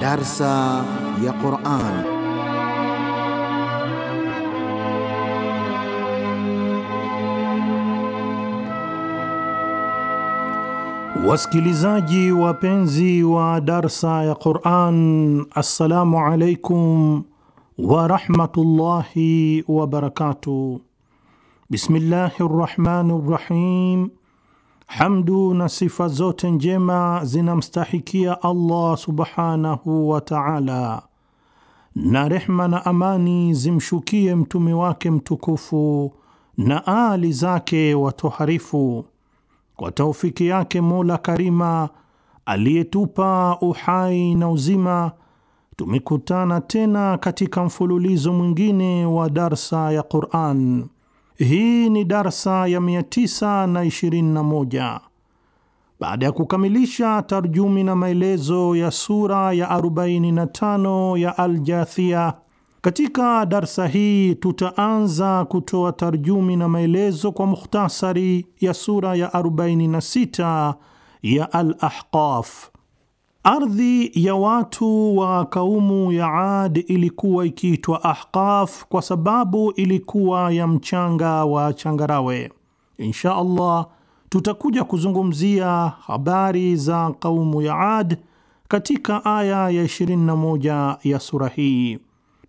درس يا قرآن Wasikilizaji wapenzi wa darsa ya Quran, assalamu alaikum wa rahmatullahi wa barakatuh. Bismillahi Rahmanir Rahim. Hamdu na sifa zote njema zinamstahikia Allah Subhanahu wa Ta'ala. Na rehma na amani zimshukie mtume wake mtukufu na ali zake watoharifu. Kwa taufiki yake Mola Karima aliyetupa uhai na uzima tumekutana tena katika mfululizo mwingine wa darsa ya Quran. Hii ni darsa ya 921 baada ya kukamilisha tarjumi na maelezo ya sura ya 45 ya Aljathia. Katika darsa hii tutaanza kutoa tarjumi na maelezo kwa mukhtasari ya sura ya 46 ya Al-Ahqaf. Ardhi ya watu wa kaumu ya Ad ilikuwa ikiitwa Ahqaf kwa sababu ilikuwa ya mchanga wa changarawe. Insha Allah tutakuja kuzungumzia habari za kaumu ya Ad katika aya ya 21 ya sura hii.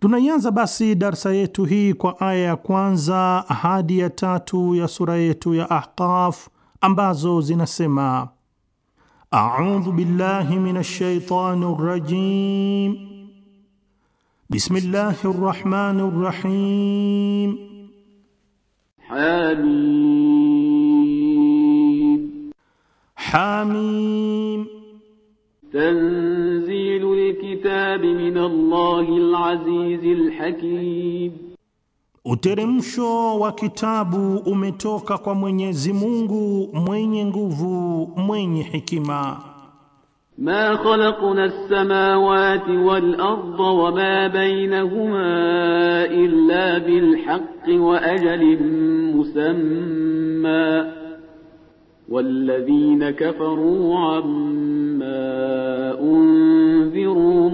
Tunaianza basi darsa yetu hii kwa aya ya kwanza hadi ya tatu ya sura yetu ya Ahqaf ambazo zinasema أعوذ بالله من الشيطان الرجيم بسم الله الرحمن الرحيم حميم حميم تنزيل الكتاب من الله العزيز الحكيم Uteremsho wa kitabu umetoka kwa Mwenyezi Mungu mwenye nguvu mwenye hikima. Ma khalaqna as-samawati wal-ardha wa ma bainahuma illa bil-haqqi wa ajalin musamma walladhina kafaru amma unziru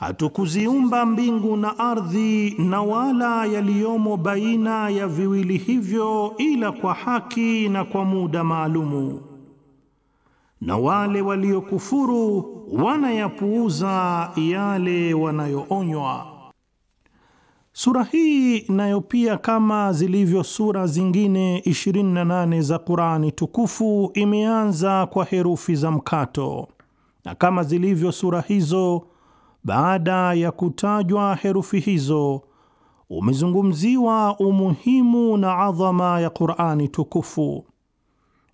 Hatukuziumba mbingu na ardhi na wala yaliyomo baina ya viwili hivyo ila kwa haki na kwa muda maalumu. Na wale waliokufuru wanayapuuza yale wanayoonywa. Sura hii nayo pia, kama zilivyo sura zingine 28 za Qur'ani tukufu, imeanza kwa herufi za mkato, na kama zilivyo sura hizo baada ya kutajwa herufi hizo umezungumziwa umuhimu na adhama ya Qur'ani tukufu.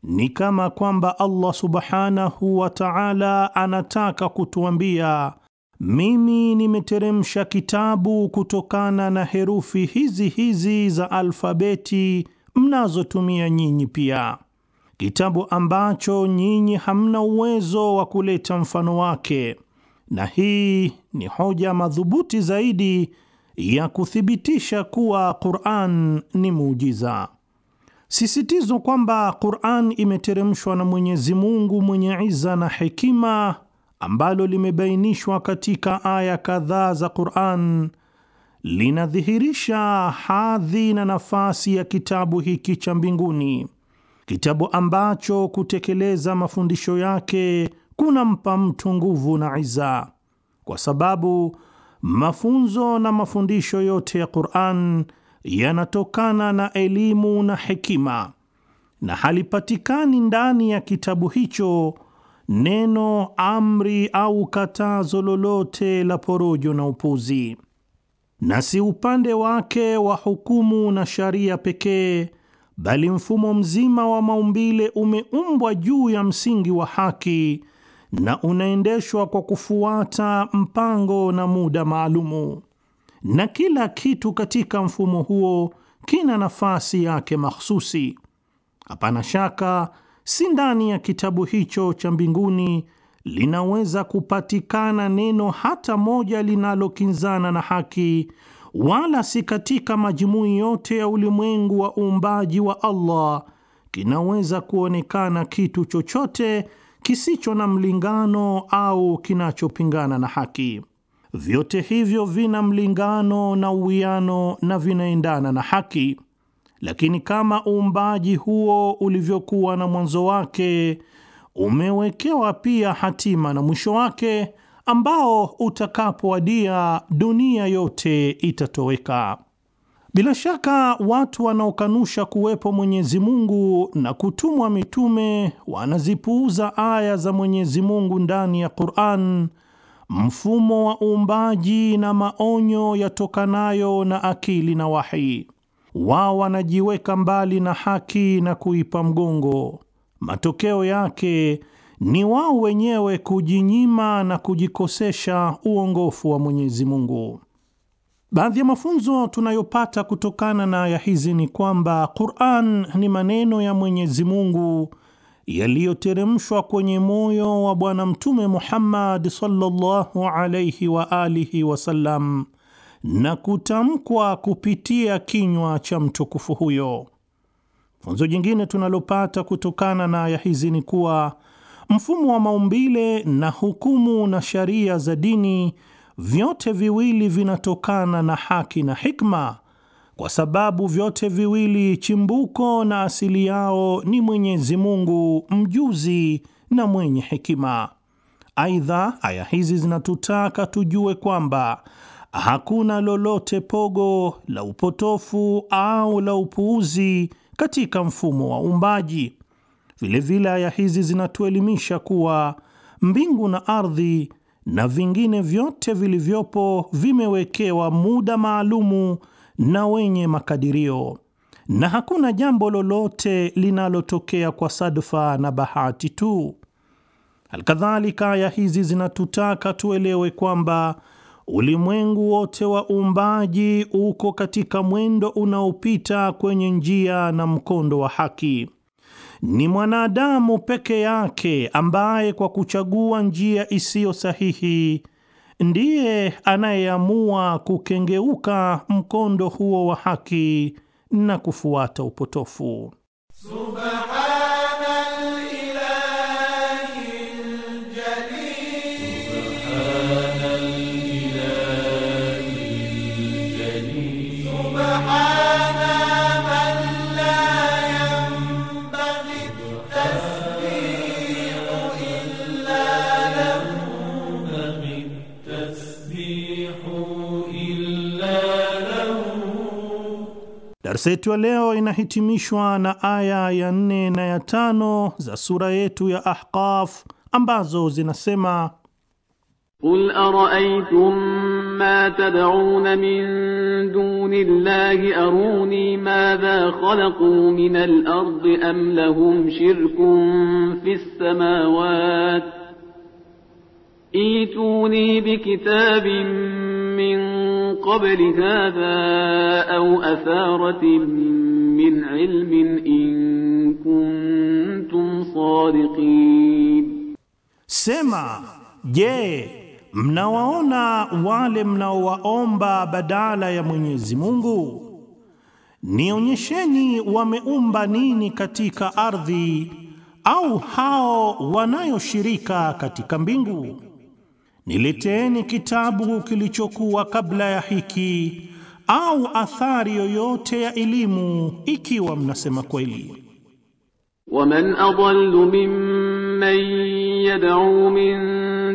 Ni kama kwamba Allah Subhanahu wa Ta'ala anataka kutuambia, mimi nimeteremsha kitabu kutokana na herufi hizi hizi za alfabeti mnazotumia nyinyi pia, kitabu ambacho nyinyi hamna uwezo wa kuleta mfano wake na hii ni hoja madhubuti zaidi ya kuthibitisha kuwa Qur'an ni muujiza. Sisitizo kwamba Qur'an imeteremshwa na Mwenyezi Mungu mwenye iza na hekima, ambalo limebainishwa katika aya kadhaa za Qur'an, linadhihirisha hadhi na nafasi ya kitabu hiki cha mbinguni, kitabu ambacho kutekeleza mafundisho yake kunampa mtu nguvu na iza, kwa sababu mafunzo na mafundisho yote ya Qur'an yanatokana na elimu na hekima, na halipatikani ndani ya kitabu hicho neno amri au katazo lolote la porojo na upuzi, na si upande wake wa hukumu na sharia pekee, bali mfumo mzima wa maumbile umeumbwa juu ya msingi wa haki na unaendeshwa kwa kufuata mpango na muda maalumu, na kila kitu katika mfumo huo kina nafasi yake mahsusi. Hapana shaka si ndani ya kitabu hicho cha mbinguni linaweza kupatikana neno hata moja linalokinzana na haki, wala si katika majumui yote ya ulimwengu wa uumbaji wa Allah kinaweza kuonekana kitu chochote kisicho na mlingano au kinachopingana na haki. Vyote hivyo vina mlingano na uwiano na vinaendana na haki, lakini kama uumbaji huo ulivyokuwa na mwanzo wake umewekewa pia hatima na mwisho wake ambao utakapowadia dunia yote itatoweka. Bila shaka watu wanaokanusha kuwepo Mwenyezi Mungu na kutumwa mitume wanazipuuza aya za Mwenyezi Mungu ndani ya Qur'an, mfumo wa uumbaji na maonyo yatokanayo na akili na wahi. Wao wanajiweka mbali na haki na kuipa mgongo. Matokeo yake ni wao wenyewe kujinyima na kujikosesha uongofu wa Mwenyezi Mungu. Baadhi ya mafunzo tunayopata kutokana na aya hizi ni kwamba Qur'an ni maneno ya Mwenyezi Mungu yaliyoteremshwa kwenye moyo wa Bwana Mtume Muhammad sallallahu alayhi wa alihi wasallam na kutamkwa kupitia kinywa cha mtukufu huyo. Funzo jingine tunalopata kutokana na aya hizi ni kuwa mfumo wa maumbile na hukumu na sharia za dini vyote viwili vinatokana na haki na hikma, kwa sababu vyote viwili chimbuko na asili yao ni Mwenyezi Mungu mjuzi na mwenye hekima. Aidha, aya hizi zinatutaka tujue kwamba hakuna lolote pogo la upotofu au la upuuzi katika mfumo wa uumbaji. Vilevile aya hizi zinatuelimisha kuwa mbingu na ardhi na vingine vyote vilivyopo vimewekewa muda maalumu na wenye makadirio, na hakuna jambo lolote linalotokea kwa sadfa na bahati tu. Alkadhalika, aya hizi zinatutaka tuelewe kwamba ulimwengu wote wa uumbaji uko katika mwendo unaopita kwenye njia na mkondo wa haki. Ni mwanadamu peke yake ambaye kwa kuchagua njia isiyo sahihi ndiye anayeamua kukengeuka mkondo huo wa haki na kufuata upotofu Subha Darsa yetu ya leo inahitimishwa na aya ya nne na ya tano za sura yetu ya Ahqaf ambazo zinasema: Qul ara'aytum ma tad'un min duni llahi aruni madha khalaqu min al-ardi am lahum shirkun fi samawati ituni bi kitabin min قبل هذا أو أثارة من علم إن كنتم صادقين سمع جي mnawaona wale mnaowaomba بدالا يا Mwenyezi Mungu? Nionyesheni wameumba nini katika ardhi au hao wanayoshirika katika mbingu. nileteni kitabu kilichokuwa kabla ya hiki au athari yoyote ya elimu ikiwa mnasema kweli. waman adallu mimman yad'u min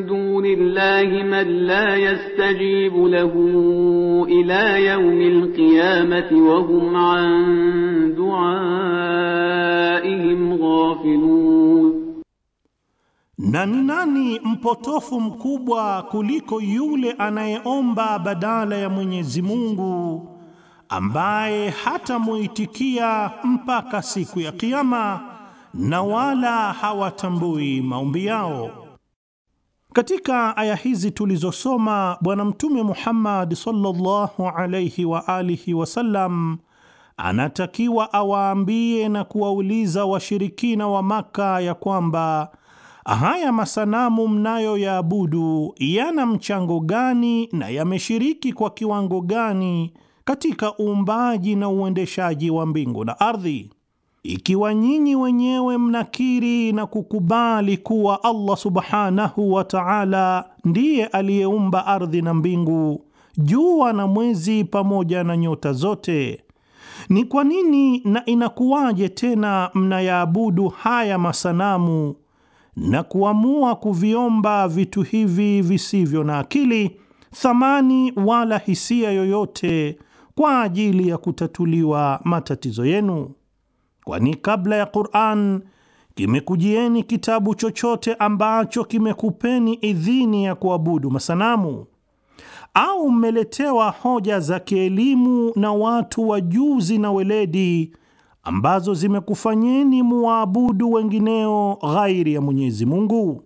duni llahi man la yastajibu lahu ila yawmil qiyamati wa hum an du'aihim ghafilun Na ni nani mpotofu mkubwa kuliko yule anayeomba badala ya Mwenyezi Mungu ambaye hatamuitikia mpaka siku ya Kiyama na wala hawatambui maombi yao. Katika aya hizi tulizosoma, Bwana Mtume Muhammad sallallahu alayhi wa alihi wasallam anatakiwa awaambie na kuwauliza washirikina wa Maka ya kwamba haya masanamu mnayoyaabudu yana mchango gani na yameshiriki kwa kiwango gani katika uumbaji na uendeshaji wa mbingu na ardhi? Ikiwa nyinyi wenyewe mnakiri na kukubali kuwa Allah subhanahu wa ta'ala ndiye aliyeumba ardhi na mbingu, jua na mwezi, pamoja na nyota zote, ni kwa nini na inakuwaje tena mnayaabudu haya masanamu na kuamua kuviomba vitu hivi visivyo na akili, thamani wala hisia yoyote kwa ajili ya kutatuliwa matatizo yenu? Kwani kabla ya Qur'an kimekujieni kitabu chochote ambacho kimekupeni idhini ya kuabudu masanamu? Au mmeletewa hoja za kielimu na watu wajuzi na weledi ambazo zimekufanyeni muabudu wengineo ghairi ya Mwenyezi Mungu?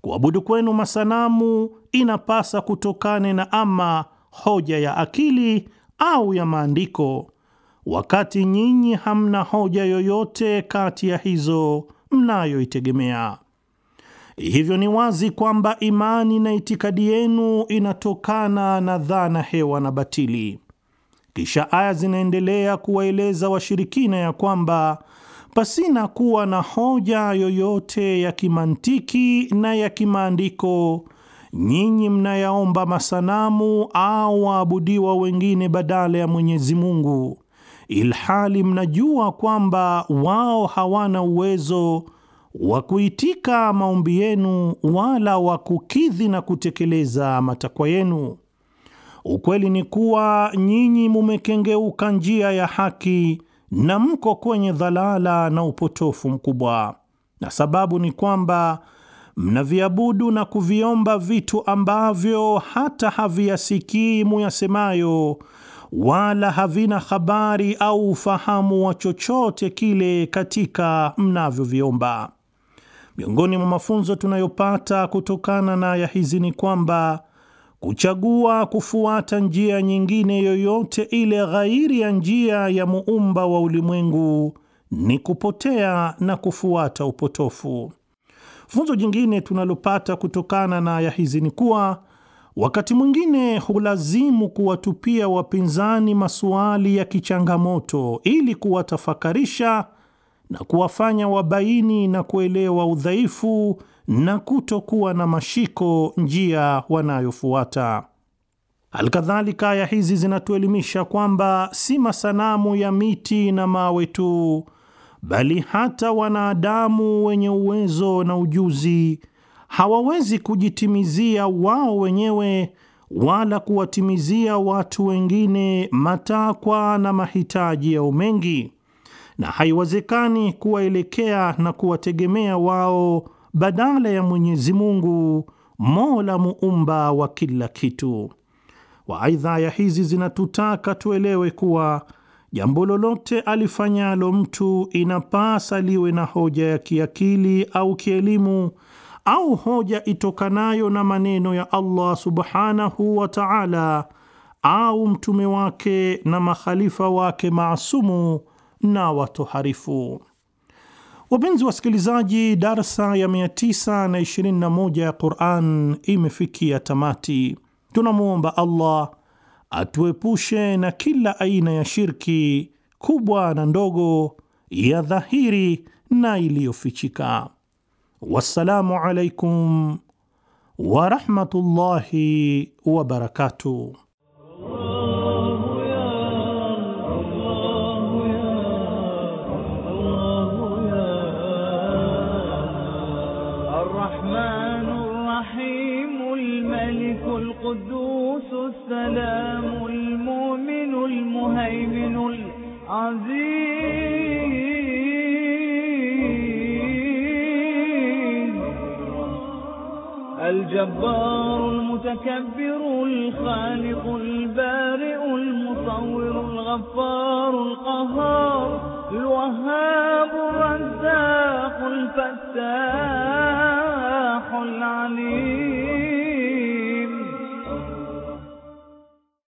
Kuabudu kwenu masanamu inapasa kutokane na ama hoja ya akili au ya maandiko, wakati nyinyi hamna hoja yoyote kati ya hizo mnayoitegemea. Hivyo ni wazi kwamba imani na itikadi yenu inatokana na dhana hewa na batili. Kisha aya zinaendelea kuwaeleza washirikina ya kwamba pasina kuwa na hoja yoyote ya kimantiki na ya kimaandiko, nyinyi mnayaomba masanamu au waabudiwa wengine badala ya Mwenyezi Mungu, ilhali mnajua kwamba wao hawana uwezo wa kuitika maombi yenu wala wa kukidhi na kutekeleza matakwa yenu. Ukweli ni kuwa nyinyi mumekengeuka njia ya haki na mko kwenye dhalala na upotofu mkubwa, na sababu ni kwamba mnaviabudu na kuviomba vitu ambavyo hata haviyasikii muyasemayo, wala havina habari au ufahamu wa chochote kile katika mnavyoviomba. Miongoni mwa mafunzo tunayopata kutokana na aya hizi ni kwamba kuchagua kufuata njia nyingine yoyote ile ghairi ya njia ya muumba wa ulimwengu ni kupotea na kufuata upotofu. Funzo jingine tunalopata kutokana na aya hizi ni kuwa wakati mwingine hulazimu kuwatupia wapinzani masuali ya kichangamoto ili kuwatafakarisha na kuwafanya wabaini na kuelewa udhaifu na kutokuwa na mashiko njia wanayofuata. Alkadhalika, aya hizi zinatuelimisha kwamba si masanamu ya miti na mawe tu, bali hata wanadamu wenye uwezo na ujuzi hawawezi kujitimizia wao wenyewe wala kuwatimizia watu wengine matakwa na mahitaji yao mengi, na haiwezekani kuwaelekea na kuwategemea wao badala ya Mwenyezi Mungu Mola muumba wa kila kitu. Waidha, ya hizi zinatutaka tuelewe kuwa jambo lolote alifanyalo mtu inapasa liwe na hoja ya kiakili au kielimu au hoja itokanayo na maneno ya Allah subhanahu wa ta'ala au mtume wake na makhalifa wake maasumu na watoharifu. Wapenzi wasikilizaji, darsa ya 921 ya Quran imefikia tamati. Tunamwomba Allah atuepushe na kila aina ya shirki kubwa na ndogo, ya dhahiri na iliyofichika. Wassalamu alaikum warahmatullahi wabarakatuh. المهيمن العزيز الجبار المتكبر الخالق البارئ المصور الغفار القهار الوهاب الرزاق الفتاح